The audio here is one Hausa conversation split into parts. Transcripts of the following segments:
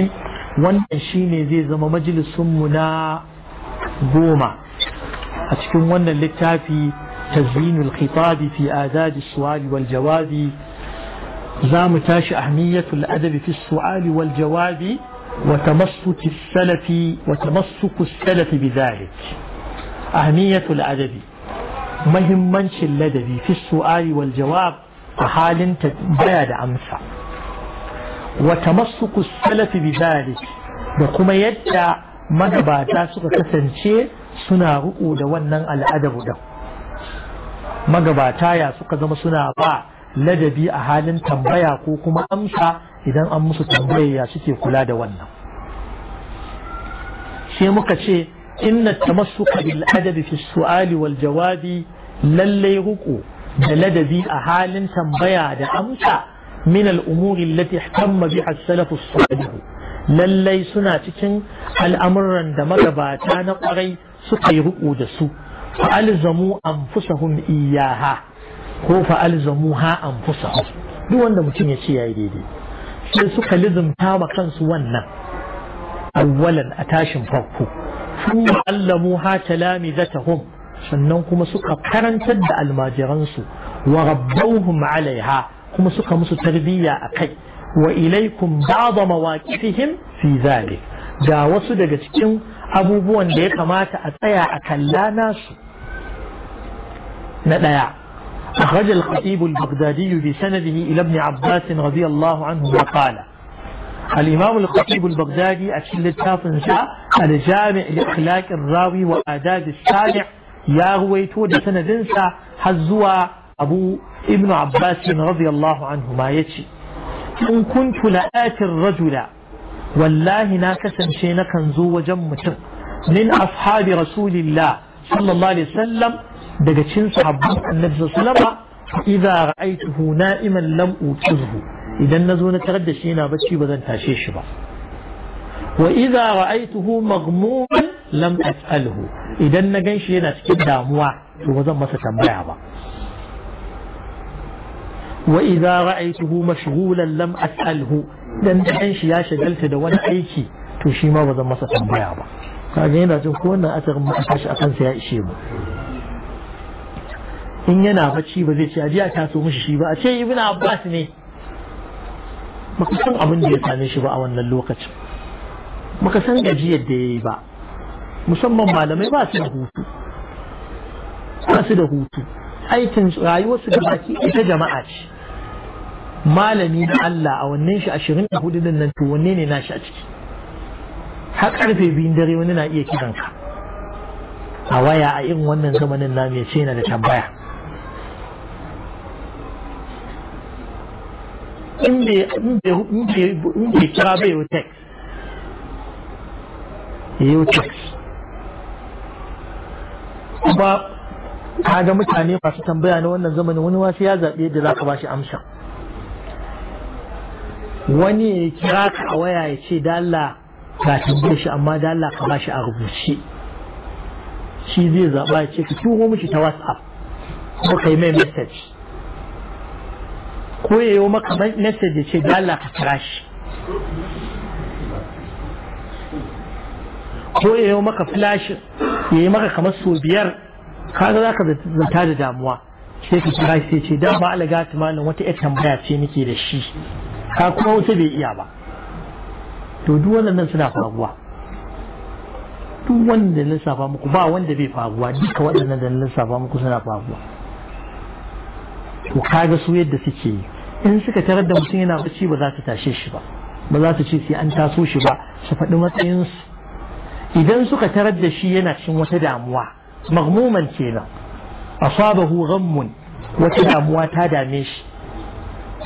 الرحيم wannan shine zai zama majalisunmu na goma a cikin wannan littafi tazwinul khitabi fi adadi suwali wal jawabi za mu tashi ahmiyatul adabi fi suwali wal jawabi wa tamassuki salafi wa tamassuku salafi bidhalik ahmiyatul adabi mahimmancin ladabi fi suwali wal jawab a halin tambaya da amsa wa tamassuku salafi bidhalik da kuma yadda magabata suka kasance suna riƙo da wannan al'adar da magabata ya suka zama suna ba ladabi a halin tambaya ko kuma amsa idan an musu tambaya suke kula da wannan sai muka ce inna tamassuka bil adabi fi su'ali wal jawabi lallai ruku da ladabi a halin tambaya da amsa من الأمور التي احتم بها السلف الصالح للي سنا تكن الأمر عندما تباتان قري سقي رؤود سو فألزموا أنفسهم إياها هو فألزموها أنفسهم دو وند متين يشي يا إيدي في سوك لزم تاوى كان سوانا أولا أتاشم فوقو ثم علموها تلامذتهم سنوكم سوك قرن تد المادرانسو وربوهم عليها kuma suka musu tarbiyya a kai wa ilaikum ba'da mawaqifihim fi zalik ga wasu daga cikin abubuwan da ya kamata a tsaya a kalla nasu na daya أخرج الخطيب البغدادي بسنده إلى ابن عباس رضي الله عنه وقال الإمام الخطيب البغدادي أشل التافن شاء الجامع لأخلاق الراوي وآداب السامع يا رويتو دسندنسا حزوا أبو ابن عباس رضي الله عنهما يتي إن كنت لآتي الرجل والله ناكسا شينا كنزو وجمت من أصحاب رسول الله صلى الله عليه وسلم دقشين صحابة النبي صلى الله عليه وسلم إذا رأيته نائما لم أوكسه إذا نزو نتغدى شينا بشي بدن تاشيش وإذا رأيته مغموما لم أسأله إذا نجيش ينا سكدا موا وزن مسا وإذا رأيته مشغولا لم أسأله dan da shi ya shagalta da wani aiki to shi ma ba zan masa tambaya ba kaga yana jin ko wannan asarin ma aka shi a kansa ya ishe mu in yana bacci ba zai ce aje a taso mishi shi ba a ce ibn abbas ne baka san abin da ya same shi ba a wannan lokacin baka san gajiyar da yayi ba musamman malamai ba su da hutu ba su da hutu aikin rayuwarsu da baki ita jama'a ce malami na Allah a wannan shi ashirin da hudu nan to wanne ne nashi a ciki har karfe biyun dare wani na iya kiran ka a waya a irin wannan zamanin na ya ce yana da tambaya in bai kira bai yi text yi text ga mutane masu tambaya na wannan zamanin wani wasu ya zaɓe yadda za ka ba shi amsa wani ya kira ka a waya ya ce dala ka tambaye shi amma dala ka ba shi a rubuce shi zai zaɓa ya ce ka turo mishi ta whatsapp ko ka yi mai message ko ya yi maka message ya ce dala ka kira shi ko ya yi maka flash ya yi maka kamar sau biyar kaga za ka zata da damuwa sai ka kira sai ce da ba alaga malam wata ita tambaya ce nake da shi ka kuma wata bai iya ba to duk wannan suna faruwa duk wanda na safa muku ba wanda bai faruwa duka waɗannan da na lissafa muku suna faruwa to kaga su yadda suke yi in suka tarar da mutum yana bacci ba za su tashe shi ba ba za su ce sai an taso shi ba su faɗi matsayinsu idan suka tarar da shi yana cin wata damuwa maghmuman kenan asabahu ghammun wata damuwa ta dame shi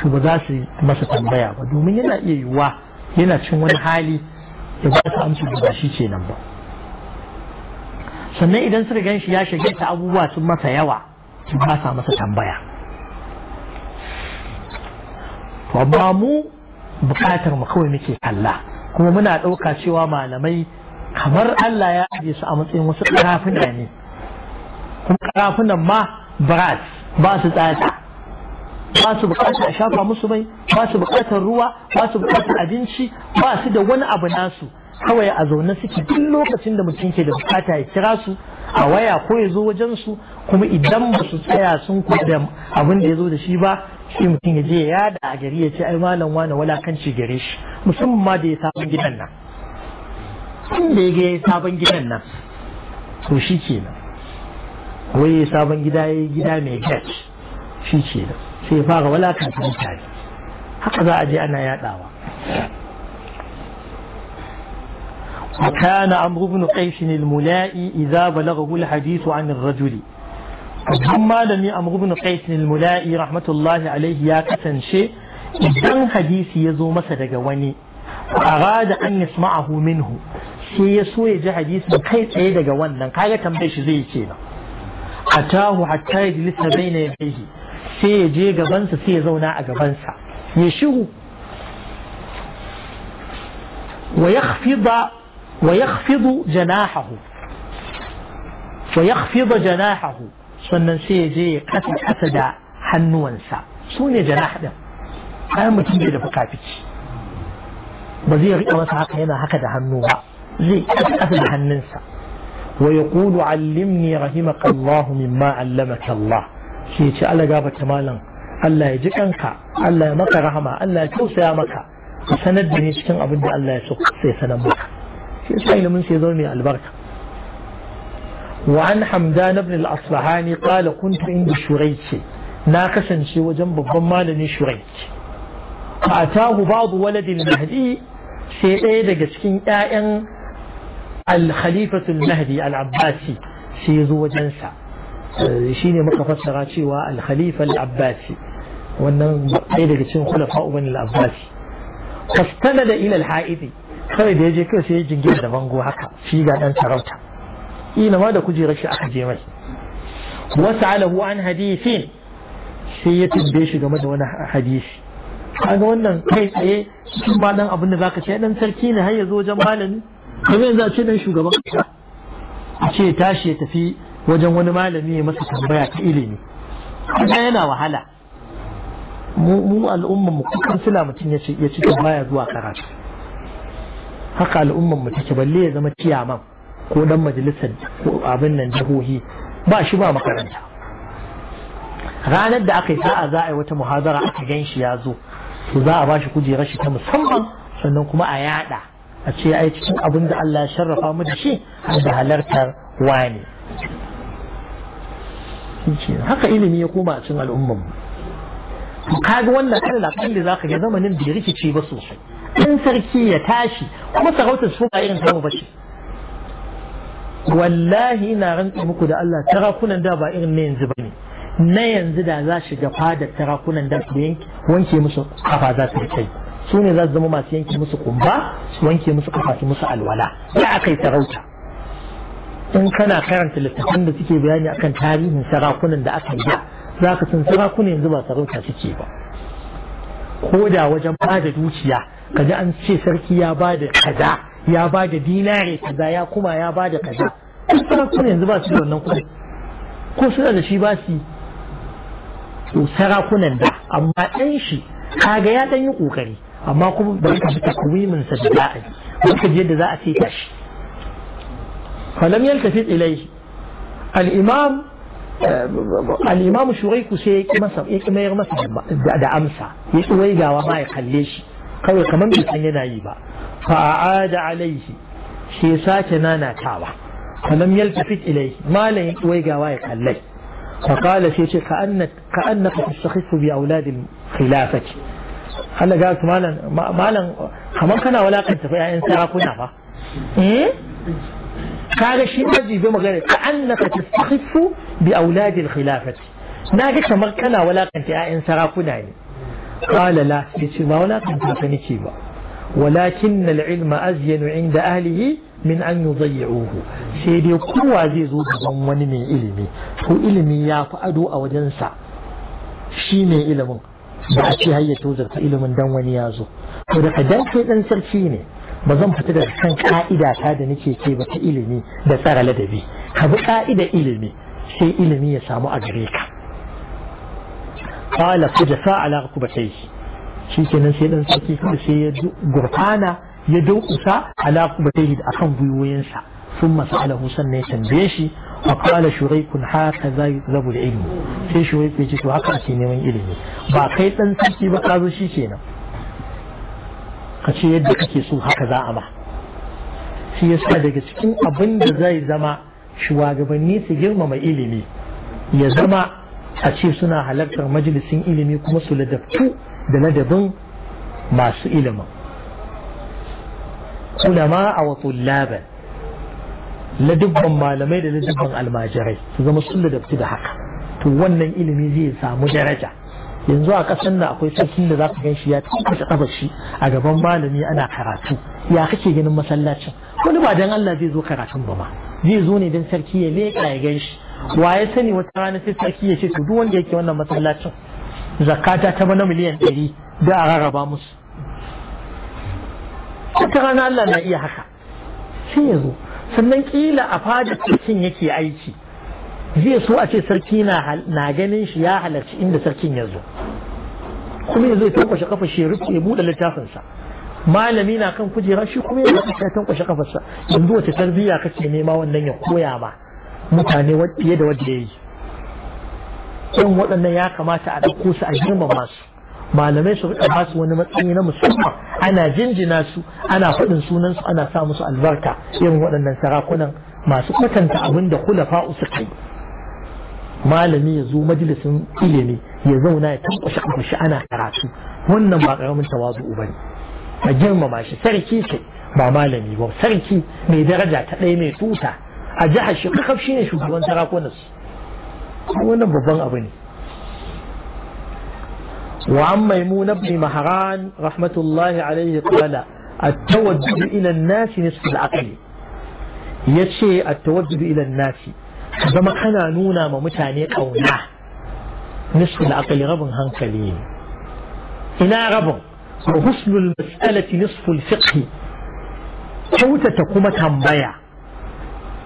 to ba za su masa tambaya ba domin yana iya yiwuwa yana cin wani hali da ba su amsa ba shi kenan ba sannan idan suka ganshi shi ya shige ta abubuwa sun masa yawa su ba sa masa tambaya to amma mu bukatar mu kawai muke kalla kuma muna ɗauka cewa malamai kamar Allah ya aje su a matsayin wasu ƙarafin da kuma karafunan ma brass ba su tsada ba su bukatar a shafa musu mai ba su bukatar ruwa ba su bukatar abinci ba su da wani abu nasu kawai a zaune suke duk lokacin da mutum ke da bukata ya kira su a waya ko ya zo wajen su kuma idan ba su tsaya sun da abin da ya zo da shi ba sai mutum ya je ya da a gari ya ce ai malam wani walakanci gare shi musamman ma da ya sabon gidan nan tun da ya ga sabon gidan nan to shi kenan wai sabon gida ya yi gida mai gat shi ce da sai fara walakanta mutane haka za a je ana yadawa وكان عمرو بن قيس الملائي إذا بلغه الحديث عن الرجل ثم لم عمرو بن قيس الملائي رحمة الله عليه يا كتنشي إذن حديث يزو مسد جواني فأراد أن يسمعه منه سيسوي جا حديث من قيس أيد جواننا قال تنبيش زي كينا أتاه حتى يجلس بين يديه سيجي قبنسا سيزونا أقبنسا يشو ويخفض ويخفض جناحه ويخفض جناحه سنن سيجي قتل أسدا حنوانسا سوني جناح ده أنا متنجي لفقا فيك بذيغ إيوانسا حقينا هكذا حنوها زي قتل أسدا حنوانسا ويقول علمني رحمك الله مما علمك الله كيتي الله جابك مالا الله يجيك انكا الله يمك رحمة الله يكوس يا مكا سند بني شكن ابن دي الله يسوك سي سنبك كيتي لمن سيدوني البركة وعن حمدان بن الأصلحاني قال كنت عند شريكي ناقشا شي وجنب ضمان شريكي فأتاه بعض ولد المهدي سيئي إيه دقشكين آئن al-khalifa al al-abbasi sai ya zo wajensa eh, shine muka fassara cewa al-khalifa al-abbasi wannan ɗaya daga cikin khulafa uban al-abbasi fastanada ila al-ha'idi kawai da yaje kai sai ya jingina da bango haka shi ga dan sarauta ina ma da kujerar shi aka je mai wasa'alahu an hadithin sai ya tambaye shi game da wani hadisi kaga wannan kai tsaye cikin ba dan abin da zaka ce ɗan sarki ne har ya zo wajen malami kamar yanzu a ce dan shugaban kasa a ce tashi ya tafi wajen wani malami ya masa tambaya ta ilimi kuma yana wahala mu al'umman mu kukan sila mutum ya ce ya ci baya zuwa karatu haka al'umman mu take balle ya zama ciyaman ko dan majalisar ko abin nan jihohi ba shi ba makaranta ranar da aka yi sa'a za a yi wata muhazara aka gan ya zo to za a ba shi kujerar shi ta musamman sannan kuma a yada a ce ai cikin abin da Allah ya sharrafa mu da shi har da halartar wani haka ilimi ya koma a cikin al'ummar mu ga wannan Allah kalli zaka ga zamanin ya rikice ba sosai in sarki ya tashi kuma sarautar su ba irin ba bace wallahi ina rantsa muku da Allah tarakunan da ba irin na yanzu bane na yanzu da za shiga fadar tarakunan da su yanke wanke musu kafa za su kai su ne za su zama masu yanke musu kumba su wanke musu kafa su musu alwala ya aka yi sarauta in kana karanta littattafan da suke bayani akan tarihin sarakunan da aka yi da za ka san sarakunan yanzu ba sarauta suke ba ko da wajen ba da dukiya kaji an ce sarki ya ba da kaza ya ba da dinare kaza ya kuma ya ba da kaza duk sarakunan yanzu ba su da wannan kuɗi ko suna da shi ba su sarakunan da amma ɗan shi kaga ya ɗan yi ƙoƙari amma kuma ba ka fi takwimin sa da za'a yi ba ka yadda za a ce tashi falam yaltafi ilai al-imam al-imam shuraiku sai ya ki masa ya ki mayar masa da amsa ya ki waigawa ma ya kalle shi kawai kamar bai san yana yi ba fa'ada alaihi shi ya sake nanatawa falam yaltafit ilai malam ya ki waigawa ya kalle فقال شيء كأنك كأنك تستخف بأولاد الخلافة Allah ga su malam malam kamar kana walakanta fa ƴaƴan sarakuna fa eh kaga shi maji bi magana ka annaka tastakhifu bi auladi al-khilafati naga kamar kana walakanta ƴaƴan sarakuna ne qala la yace ba walakanta ka nake ba ولكن العلم أزين عند أهله من أن يضيعوه سيدي قوة زي زود ضمن من علمي هو علمي يا فأدو أو جنسا شي من علمه ba a ce hayya ta ilimin dan wani ya zo to da dan kai dan sarki ne ba zan fita daga kan ka'ida ta da nake ce ba ta ilimi da tsara ladabi ka bi ka'ida ilimi sai ilimi ya samu a gare ka qala fujafa ala rukubatayhi shi kenan sai dan sarki kuma sai ya gurfana ya daukusa ala rukubatayhi akan gwiwoyinsa sun masa'alahu sannan ya tambaye shi فقال شريك هكذا يطلب العلم sai شريك ya ce to haka نيمن neman ilimi ba kai سيكي sarki ba شي shi kenan ka ce yadda kake so haka za a shi yasa daga cikin abin da zai zama shugabanni su girmama ilimi ya zama a ce suna halartar majalisin ilimi kuma su ladabtu da ladabin masu ilimin ulama a wa tullaban dubban malamai da ladubban almajirai su zama sun ladabtu da haka to wannan ilimi zai samu daraja yanzu a ƙasar nan akwai sarkin da za ka gan shi ya tabbata ƙabar shi a gaban malami ana karatu ya kake ganin masallacin wani ba dan Allah zai zo karatun ba ma zai zo ne dan sarki ya leƙa ya gan shi wa ya sani wata rana sai sarki ya ce to duk wanda yake wannan masallacin zakata ta bana miliyan ɗari da a rarraba musu wata rana Allah na iya haka sai ya zo sannan kila a fadar sarkin yake aiki zai so a ce sarki na ganin shi ya halarci inda sarkin ya zo kuma ya zo ya tankwashe kafa shi ya buɗe littafinsa malami na kan kujera shi kuma ya ya tankwashe kafarsa yanzu wace tarbiyya kake nema wannan ya koya ma mutane fiye da wadda ya yi Yan waɗannan ya kamata a ɗauko su a girmama su malamai su rika ba su wani matsayi na musamman ana jinjina su ana faɗin sunan su ana sa musu albarka irin waɗannan sarakunan masu kwatanta abin da kula suka kai. malami ya zo majalisin ilimi ya zauna ya tankwashe kwashi ana karatu wannan ba karamin tawazu ba ne a girmama shi sarki ce ba malami ba sarki mai daraja ta ɗaya mai tuta a jihar shi kakaf shugaban sarakunan su wannan babban abu ne وعن ميمون بن مهران رحمة الله عليه قال التوجه إلى الناس نصف العقل يشي التوجه إلى الناس فما كان نونا ما متاني قونا نصف العقل ربن هنكلين إنا ربن وحسن المسألة نصف الفقه كوتا تقوم تنبيع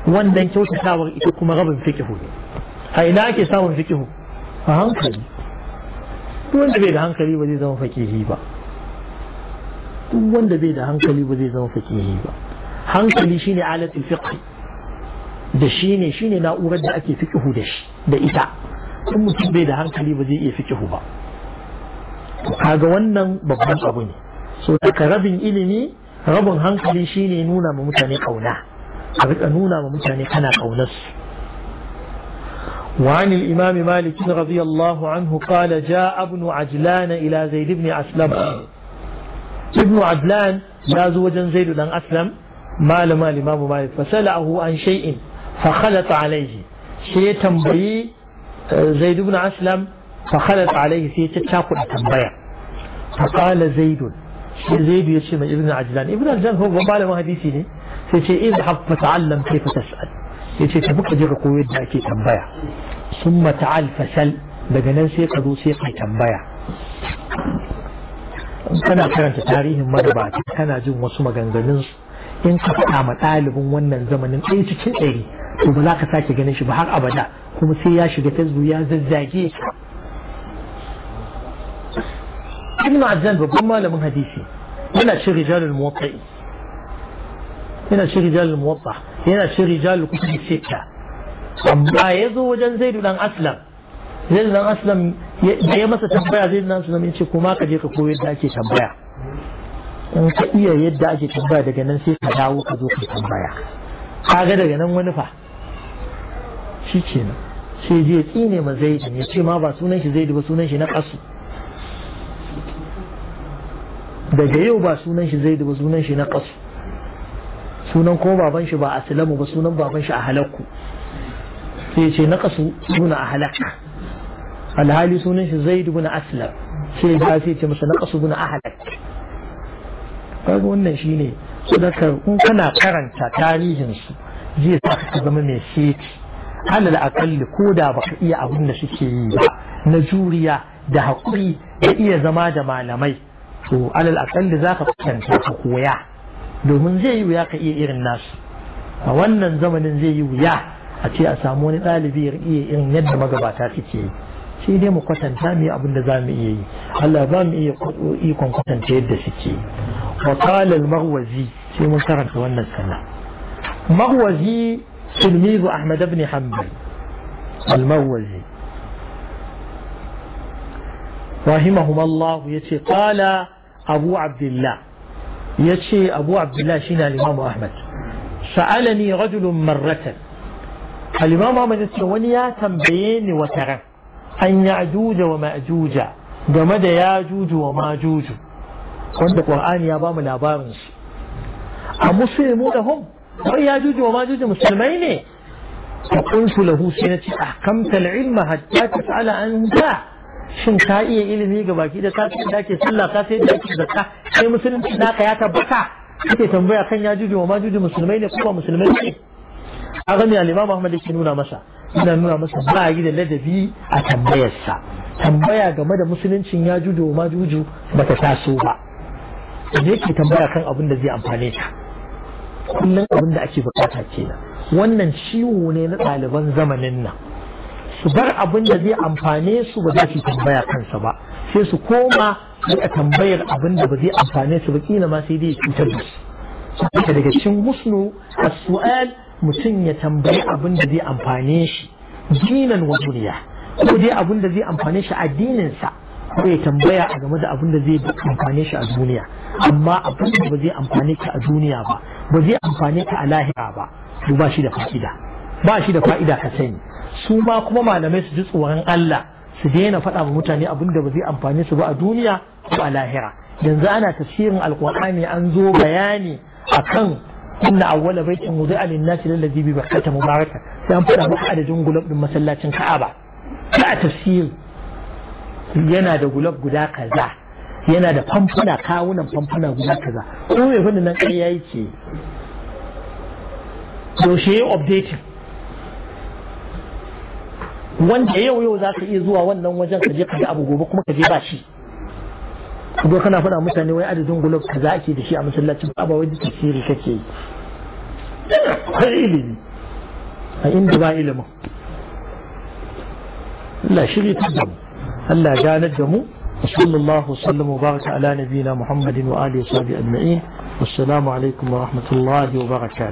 وان دين كوتا تاور إتقوم ربن فكه هاي ناكي تاور فكه هنكلين duk wanda bai da hankali ba zai zama fakihi ba duk wanda bai da hankali ba zai zama fakihi ba hankali shine alatul fiqh da shine shine na'urar da ake fiqhu da shi da ita in mutum bai da hankali ba zai iya fiqhu ba kaga wannan babban abu ne so daga rabin ilimi rabin hankali shine nuna ma mutane kauna a rika nuna ma mutane kana kaunar su وعن الإمام مالك رضي الله عنه قال جاء ابن عجلان إلى زيد بن أسلم ابن عجلان جاء زوجا زيد بن أسلم ما لما الإمام مالك فسأله عن شيء فخلط عليه شيء تنبيه آه، زيد بن أسلم فخلط عليه شيء تشاكل تنبيه فقال زيد زيد يشم ابن عجلان ابن عجلان هو ما حديثي شيء اذهب فتعلم كيف تسأل fata'allam kaifa tas'al yace tafi ka ثم تعال فسل دغنن سي قدو سي كاي تنبايا كان كان تاريخ ما دبا كان جن وسو مغانغنن ان كفا ما طالبون wannan zamanin dai cikin dare to ba za ka sake ganin shi ba har abada kuma sai ya عزان بقول ما لهم هديسي هنا شي رجال الموطئ هنا شي رجال الموطئ هنا شي رجال الكتب السته amma ya zo wajen zaidu dan aslam zaidu dan aslam da ya masa tambaya zaidu dan aslam ya ce kuma ka je ka koyar da ake tambaya in ka iya yadda ake tambaya daga nan sai ka dawo ka zo ka tambaya kaga daga nan wani fa shi kenan sai je tsine ma zaidu ya ce ma ba sunan shi zaidu ba sunan shi na kasu daga yau ba sunan shi zaidu ba sunan shi na kasu sunan ko baban shi ba silamu ba sunan baban shi a halakku sai ce na kasu alhali sunan shi zai ibn aslam sai ya sai ce masa na kasu ibn ahlak kaga wannan shine sadaka in kana karanta tarihin su zai sa ka zama mai sheki alal akalli ko da baka iya abin da suke yi ba na juriya da haƙuri da iya zama da malamai to alal akalli za ka kwatanta ka koya domin zai yi wuya ka iya irin nasu a wannan zamanin zai yi wuya a ce a samu wani ɗalibi ya iya irin yadda magabata suke yi shi dai mu kwatanta mu yi abin da za mu iya yi Allah ba mu iya ikon kwatanta yadda suke wa qala al-maghwazi sai mun karanta wannan sana maghwazi tilmizu ahmad ibn hanbal al-maghwazi رحمهما allah yace qala abu abdullah yace abu abdullah عبد الله شنا الإمام أحمد سألني رجل مرة al-imam ce wani ya tambaye ni wataran an juja wa ma'ajuja game da yajuju wa ma'ajuju. wanda Qur'ani ya bamu labarin su a muslimu da hum wai yajuju wa majuju musulmai ne na فقلت له سينتي أحكمت العلم حتى an أنت shin ka iya ilimi ga baki da ka da ake sallah ka sai da ake zakka sai musulunci naka ya tabbata kake tambaya kan ya juju wa ma musulmai ne kuma musulmai ne kaga me al muhammad Ahmad yake nuna masa ina nuna masa ba yi da ladabi a tambayarsa tambaya game da musuluncin ya judo ma juju bata taso ba da yake tambaya kan abin da zai amfane ta kullum abin da ake bukata kenan wannan ciwo ne na ɗaliban zamanin nan su bar abin da zai amfane su ba za su tambaya kansa ba sai su koma a tambayar abin da ba zai amfane su ba kila ma sai dai cutar da su daga cikin musnu as-su'al mutum ya tambayi abin da zai amfane shi dinan wa duniya ko dai abin da zai amfane shi addininsa ko ya tambaya a game da abin da zai amfane shi a duniya amma abin da ba zai amfane ka a duniya ba ba zai amfane ka a lahira ba to ba shi da fa'ida ba shi da fa'ida ka sani su ma kuma malamai su ji tsoron Allah su daina faɗa wa mutane abin da ba zai amfane su ba a duniya ko a lahira yanzu ana tafsirin alkur'ani an zo bayani akan inna awwala baitin wudi'a lin-nasi lallazi bi bakkata mubaraka sai an fada maka adadin gulab din masallacin Ka'aba ta tasiri yana da gulab guda kaza yana da famfuna kawunan famfuna guda kaza ko me fannin nan kai yayi ce yaushe ya updating wanda yau yau za iya zuwa wannan wajen ka je ka abu gobe kuma ka je ba shi ko kana faɗa mutane wai adadin gulab kaza ake da shi a masallacin ba wai tafsiri kake yi tana akwai ilimi a inda ba ilimin Allah shirya صلى الله وسلم وبارك على نبينا محمد وآله وصحبه أجمعين والسلام عليكم ورحمة الله وبركاته